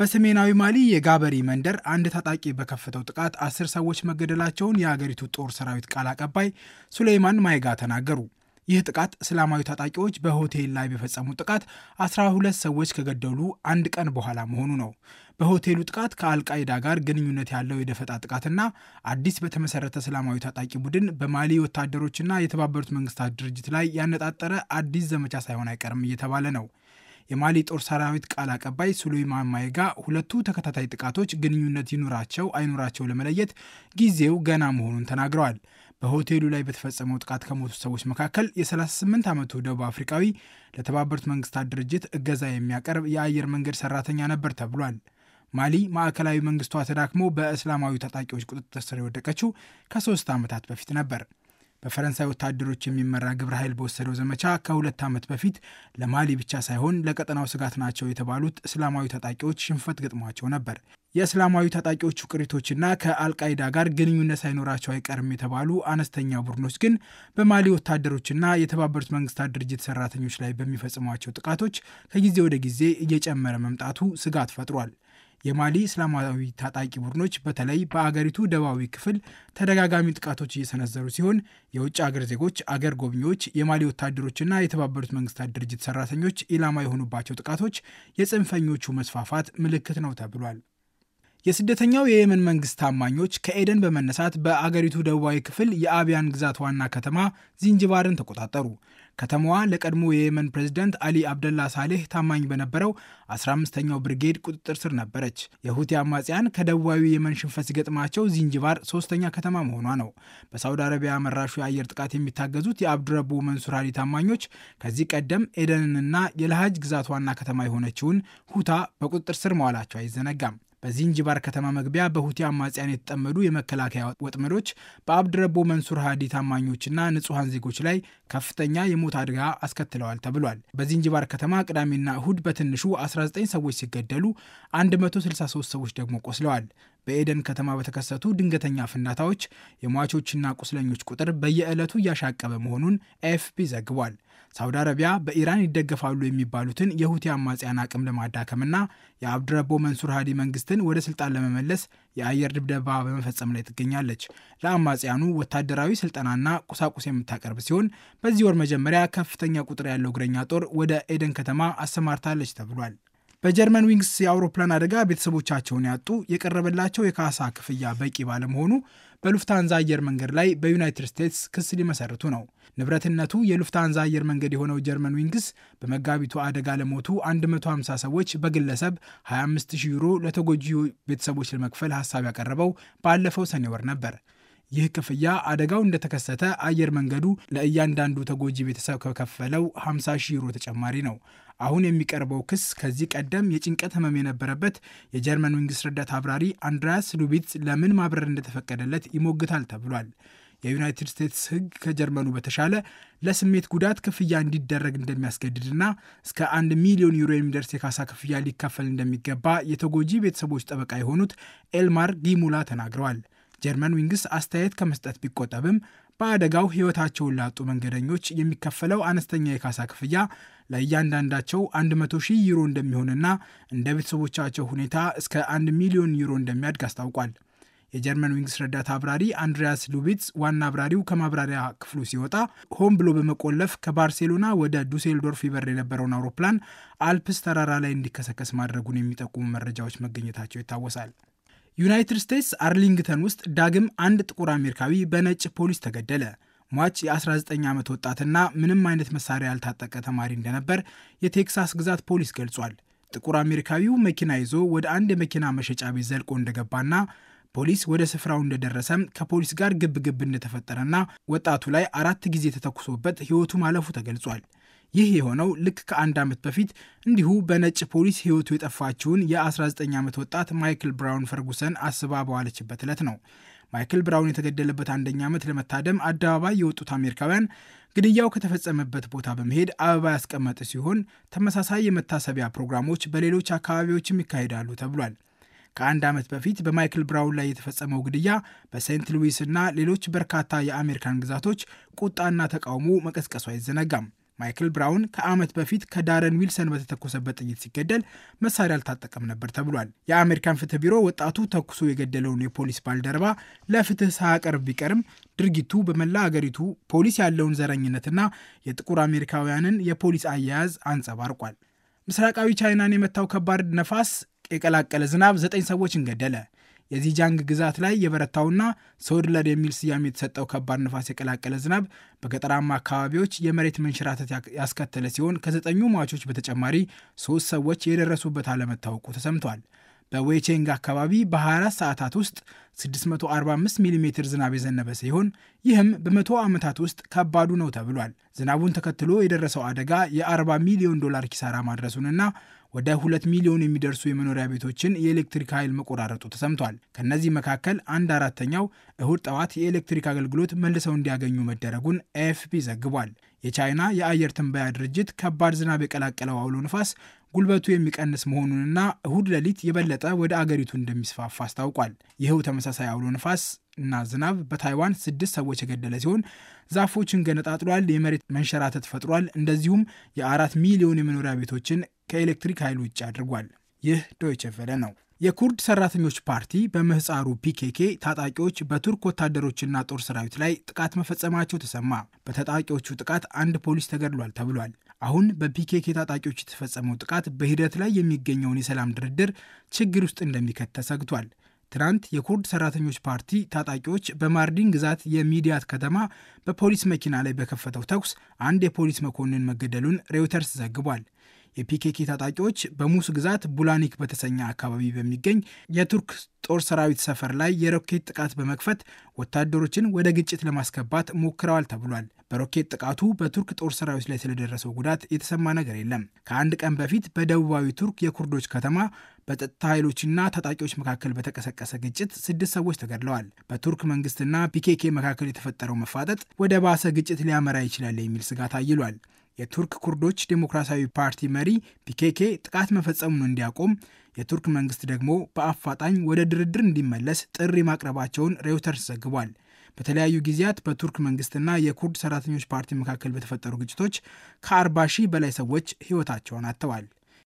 በሰሜናዊ ማሊ የጋበሪ መንደር አንድ ታጣቂ በከፈተው ጥቃት አስር ሰዎች መገደላቸውን የአገሪቱ ጦር ሰራዊት ቃል አቀባይ ሱሌይማን ማይጋ ተናገሩ። ይህ ጥቃት እስላማዊ ታጣቂዎች በሆቴል ላይ በፈጸሙት ጥቃት 12 ሰዎች ከገደሉ አንድ ቀን በኋላ መሆኑ ነው። በሆቴሉ ጥቃት ከአልቃይዳ ጋር ግንኙነት ያለው የደፈጣ ጥቃትና አዲስ በተመሰረተ እስላማዊ ታጣቂ ቡድን በማሊ ወታደሮችና የተባበሩት መንግስታት ድርጅት ላይ ያነጣጠረ አዲስ ዘመቻ ሳይሆን አይቀርም እየተባለ ነው። የማሊ ጦር ሰራዊት ቃል አቀባይ ሱሌይማን ማይጋ ሁለቱ ተከታታይ ጥቃቶች ግንኙነት ይኑራቸው አይኑራቸው ለመለየት ጊዜው ገና መሆኑን ተናግረዋል። በሆቴሉ ላይ በተፈጸመው ጥቃት ከሞቱ ሰዎች መካከል የ38 ዓመቱ ደቡብ አፍሪካዊ ለተባበሩት መንግስታት ድርጅት እገዛ የሚያቀርብ የአየር መንገድ ሰራተኛ ነበር ተብሏል። ማሊ ማዕከላዊ መንግስቷ ተዳክሞ በእስላማዊ ታጣቂዎች ቁጥጥር ስር የወደቀችው ከሶስት ዓመታት በፊት ነበር። በፈረንሳይ ወታደሮች የሚመራ ግብረ ኃይል በወሰደው ዘመቻ ከሁለት ዓመት በፊት ለማሊ ብቻ ሳይሆን ለቀጠናው ስጋት ናቸው የተባሉት እስላማዊ ታጣቂዎች ሽንፈት ገጥሟቸው ነበር። የእስላማዊ ታጣቂዎቹ ቅሪቶችና ከአልቃይዳ ጋር ግንኙነት ሳይኖራቸው አይቀርም የተባሉ አነስተኛ ቡድኖች ግን በማሊ ወታደሮችና የተባበሩት መንግስታት ድርጅት ሰራተኞች ላይ በሚፈጽሟቸው ጥቃቶች ከጊዜ ወደ ጊዜ እየጨመረ መምጣቱ ስጋት ፈጥሯል። የማሊ እስላማዊ ታጣቂ ቡድኖች በተለይ በአገሪቱ ደቡባዊ ክፍል ተደጋጋሚ ጥቃቶች እየሰነዘሩ ሲሆን የውጭ አገር ዜጎች፣ አገር ጎብኚዎች፣ የማሊ ወታደሮችና የተባበሩት መንግስታት ድርጅት ሰራተኞች ኢላማ የሆኑባቸው ጥቃቶች የጽንፈኞቹ መስፋፋት ምልክት ነው ተብሏል። የስደተኛው የየመን መንግስት ታማኞች ከኤደን በመነሳት በአገሪቱ ደቡባዊ ክፍል የአብያን ግዛት ዋና ከተማ ዚንጅባርን ተቆጣጠሩ። ከተማዋ ለቀድሞ የየመን ፕሬዝዳንት አሊ አብደላ ሳሌህ ታማኝ በነበረው 15ኛው ብርጌድ ቁጥጥር ስር ነበረች። የሁቲ አማጽያን ከደቡባዊ የመን ሽንፈት ሲገጥማቸው ዚንጅባር ሶስተኛ ከተማ መሆኗ ነው። በሳውዲ አረቢያ መራሹ የአየር ጥቃት የሚታገዙት የአብዱረቡ መንሱር ሀዲ ታማኞች ከዚህ ቀደም ኤደንንና የለሃጅ ግዛት ዋና ከተማ የሆነችውን ሁታ በቁጥጥር ስር መዋላቸው አይዘነጋም። በዚንጅባር ከተማ መግቢያ በሁቲ አማጽያን የተጠመዱ የመከላከያ ወጥመዶች በአብድረቦ መንሱር ሀዲ ታማኞችና ንጹሐን ዜጎች ላይ ከፍተኛ የሞት አደጋ አስከትለዋል ተብሏል። በዚንጅባር ከተማ ቅዳሜና እሁድ በትንሹ 19 ሰዎች ሲገደሉ 163 ሰዎች ደግሞ ቆስለዋል። በኤደን ከተማ በተከሰቱ ድንገተኛ ፍንዳታዎች የሟቾችና ቁስለኞች ቁጥር በየዕለቱ እያሻቀበ መሆኑን ኤፍፒ ዘግቧል። ሳውዲ አረቢያ በኢራን ይደገፋሉ የሚባሉትን የሁቲ አማጽያን አቅም ለማዳከምና የአብድረቦ መንሱር ሃዲ መንግስትን ወደ ስልጣን ለመመለስ የአየር ድብደባ በመፈጸም ላይ ትገኛለች። ለአማጽያኑ ወታደራዊ ስልጠናና ቁሳቁስ የምታቀርብ ሲሆን በዚህ ወር መጀመሪያ ከፍተኛ ቁጥር ያለው እግረኛ ጦር ወደ ኤደን ከተማ አሰማርታለች ተብሏል። በጀርመን ዊንግስ የአውሮፕላን አደጋ ቤተሰቦቻቸውን ያጡ የቀረበላቸው የካሳ ክፍያ በቂ ባለመሆኑ በሉፍታንዛ አየር መንገድ ላይ በዩናይትድ ስቴትስ ክስ ሊመሰርቱ ነው። ንብረትነቱ የሉፍታንዛ አየር መንገድ የሆነው ጀርመን ዊንግስ በመጋቢቱ አደጋ ለሞቱ 150 ሰዎች በግለሰብ 250 ዩሮ ለተጎጂ ቤተሰቦች ለመክፈል ሀሳብ ያቀረበው ባለፈው ሰኔ ወር ነበር። ይህ ክፍያ አደጋው እንደተከሰተ አየር መንገዱ ለእያንዳንዱ ተጎጂ ቤተሰብ ከከፈለው 50 ሺህ ዩሮ ተጨማሪ ነው። አሁን የሚቀርበው ክስ ከዚህ ቀደም የጭንቀት ህመም የነበረበት የጀርመን መንግስት ረዳት አብራሪ አንድራያስ ሉቢትስ ለምን ማብረር እንደተፈቀደለት ይሞግታል ተብሏል። የዩናይትድ ስቴትስ ህግ ከጀርመኑ በተሻለ ለስሜት ጉዳት ክፍያ እንዲደረግ እንደሚያስገድድና እስከ አንድ ሚሊዮን ዩሮ የሚደርስ የካሳ ክፍያ ሊከፈል እንደሚገባ የተጎጂ ቤተሰቦች ጠበቃ የሆኑት ኤልማር ጊሙላ ተናግረዋል። ጀርመን ዊንግስ አስተያየት ከመስጠት ቢቆጠብም በአደጋው ህይወታቸውን ላጡ መንገደኞች የሚከፈለው አነስተኛ የካሳ ክፍያ ለእያንዳንዳቸው 100 ዩሮ እንደሚሆንና እንደ ቤተሰቦቻቸው ሁኔታ እስከ 1 ሚሊዮን ዩሮ እንደሚያድግ አስታውቋል። የጀርመን ዊንግስ ረዳት አብራሪ አንድሪያስ ሉቢትስ ዋና አብራሪው ከማብራሪያ ክፍሉ ሲወጣ ሆን ብሎ በመቆለፍ ከባርሴሎና ወደ ዱሴልዶርፍ ይበር የነበረውን አውሮፕላን አልፕስ ተራራ ላይ እንዲከሰከስ ማድረጉን የሚጠቁሙ መረጃዎች መገኘታቸው ይታወሳል። ዩናይትድ ስቴትስ አርሊንግተን ውስጥ ዳግም አንድ ጥቁር አሜሪካዊ በነጭ ፖሊስ ተገደለ። ሟች የ19 ዓመት ወጣትና ምንም አይነት መሳሪያ ያልታጠቀ ተማሪ እንደነበር የቴክሳስ ግዛት ፖሊስ ገልጿል። ጥቁር አሜሪካዊው መኪና ይዞ ወደ አንድ የመኪና መሸጫ ቤት ዘልቆ እንደገባና ፖሊስ ወደ ስፍራው እንደደረሰም ከፖሊስ ጋር ግብግብ እንደተፈጠረና ወጣቱ ላይ አራት ጊዜ ተተኩሶበት ሕይወቱ ማለፉ ተገልጿል። ይህ የሆነው ልክ ከአንድ ዓመት በፊት እንዲሁ በነጭ ፖሊስ ሕይወቱ የጠፋችውን የ19 ዓመት ወጣት ማይክል ብራውን ፈርጉሰን አስባ በዋለችበት ዕለት ነው። ማይክል ብራውን የተገደለበት አንደኛ ዓመት ለመታደም አደባባይ የወጡት አሜሪካውያን ግድያው ከተፈጸመበት ቦታ በመሄድ አበባ ያስቀመጠ ሲሆን ተመሳሳይ የመታሰቢያ ፕሮግራሞች በሌሎች አካባቢዎችም ይካሄዳሉ ተብሏል። ከአንድ ዓመት በፊት በማይክል ብራውን ላይ የተፈጸመው ግድያ በሴንት ሉዊስ እና ሌሎች በርካታ የአሜሪካን ግዛቶች ቁጣና ተቃውሞ መቀስቀሱ አይዘነጋም። ማይክል ብራውን ከዓመት በፊት ከዳረን ዊልሰን በተተኮሰበት ጥይት ሲገደል መሳሪያ አልታጠቀም ነበር ተብሏል። የአሜሪካን ፍትህ ቢሮ ወጣቱ ተኩሶ የገደለውን የፖሊስ ባልደረባ ለፍትህ ሳያቀርብ ቢቀርም ድርጊቱ በመላ አገሪቱ ፖሊስ ያለውን ዘረኝነትና የጥቁር አሜሪካውያንን የፖሊስ አያያዝ አንጸባርቋል። ምስራቃዊ ቻይናን የመታው ከባድ ነፋስ የቀላቀለ ዝናብ ዘጠኝ ሰዎችን ገደለ። የዚጃንግ ግዛት ላይ የበረታውና ሶድለድ የሚል ስያሜ የተሰጠው ከባድ ነፋስ የቀላቀለ ዝናብ በገጠራማ አካባቢዎች የመሬት መንሸራተት ያስከተለ ሲሆን ከዘጠኙ ሟቾች በተጨማሪ ሶስት ሰዎች የደረሱበት አለመታወቁ ተሰምቷል። በዌቼንግ አካባቢ በ24 ሰዓታት ውስጥ 645 ሚሜ ዝናብ የዘነበ ሲሆን ይህም በመቶ ዓመታት ውስጥ ከባዱ ነው ተብሏል። ዝናቡን ተከትሎ የደረሰው አደጋ የ40 ሚሊዮን ዶላር ኪሳራ ማድረሱንና ወደ ሁለት ሚሊዮን የሚደርሱ የመኖሪያ ቤቶችን የኤሌክትሪክ ኃይል መቆራረጡ ተሰምቷል። ከእነዚህ መካከል አንድ አራተኛው እሁድ ጠዋት የኤሌክትሪክ አገልግሎት መልሰው እንዲያገኙ መደረጉን ኤኤፍፒ ዘግቧል። የቻይና የአየር ትንበያ ድርጅት ከባድ ዝናብ የቀላቀለው አውሎ ንፋስ ጉልበቱ የሚቀንስ መሆኑንና እሁድ ሌሊት የበለጠ ወደ አገሪቱ እንደሚስፋፋ አስታውቋል። ይኸው ተመሳሳይ አውሎ ነፋስ እና ዝናብ በታይዋን ስድስት ሰዎች የገደለ ሲሆን ዛፎችን ገነጣጥሏል፣ የመሬት መንሸራተት ፈጥሯል፣ እንደዚሁም የአራት ሚሊዮን የመኖሪያ ቤቶችን ከኤሌክትሪክ ኃይል ውጭ አድርጓል። ይህ ዶይቼ ቬለ ነው። የኩርድ ሰራተኞች ፓርቲ በምህፃሩ ፒኬኬ ታጣቂዎች በቱርክ ወታደሮችና ጦር ሰራዊት ላይ ጥቃት መፈጸማቸው ተሰማ። በታጣቂዎቹ ጥቃት አንድ ፖሊስ ተገድሏል ተብሏል። አሁን በፒኬኬ ታጣቂዎች የተፈጸመው ጥቃት በሂደት ላይ የሚገኘውን የሰላም ድርድር ችግር ውስጥ እንደሚከት ተሰግቷል። ትናንት የኩርድ ሰራተኞች ፓርቲ ታጣቂዎች በማርዲን ግዛት የሚዲያት ከተማ በፖሊስ መኪና ላይ በከፈተው ተኩስ አንድ የፖሊስ መኮንን መገደሉን ሬውተርስ ዘግቧል። የፒኬኬ ታጣቂዎች በሙስ ግዛት ቡላኒክ በተሰኘ አካባቢ በሚገኝ የቱርክ ጦር ሰራዊት ሰፈር ላይ የሮኬት ጥቃት በመክፈት ወታደሮችን ወደ ግጭት ለማስገባት ሞክረዋል ተብሏል። በሮኬት ጥቃቱ በቱርክ ጦር ሰራዊት ላይ ስለደረሰው ጉዳት የተሰማ ነገር የለም። ከአንድ ቀን በፊት በደቡባዊ ቱርክ የኩርዶች ከተማ በጸጥታ ኃይሎችና ታጣቂዎች መካከል በተቀሰቀሰ ግጭት ስድስት ሰዎች ተገድለዋል። በቱርክ መንግስትና ፒኬኬ መካከል የተፈጠረው መፋጠጥ ወደ ባሰ ግጭት ሊያመራ ይችላል የሚል ስጋት አይሏል። የቱርክ ኩርዶች ዴሞክራሲያዊ ፓርቲ መሪ ፒኬኬ ጥቃት መፈጸሙን እንዲያቆም የቱርክ መንግስት ደግሞ በአፋጣኝ ወደ ድርድር እንዲመለስ ጥሪ ማቅረባቸውን ሬውተርስ ዘግቧል። በተለያዩ ጊዜያት በቱርክ መንግስትና የኩርድ ሰራተኞች ፓርቲ መካከል በተፈጠሩ ግጭቶች ከ40 ሺህ በላይ ሰዎች ሕይወታቸውን አጥተዋል።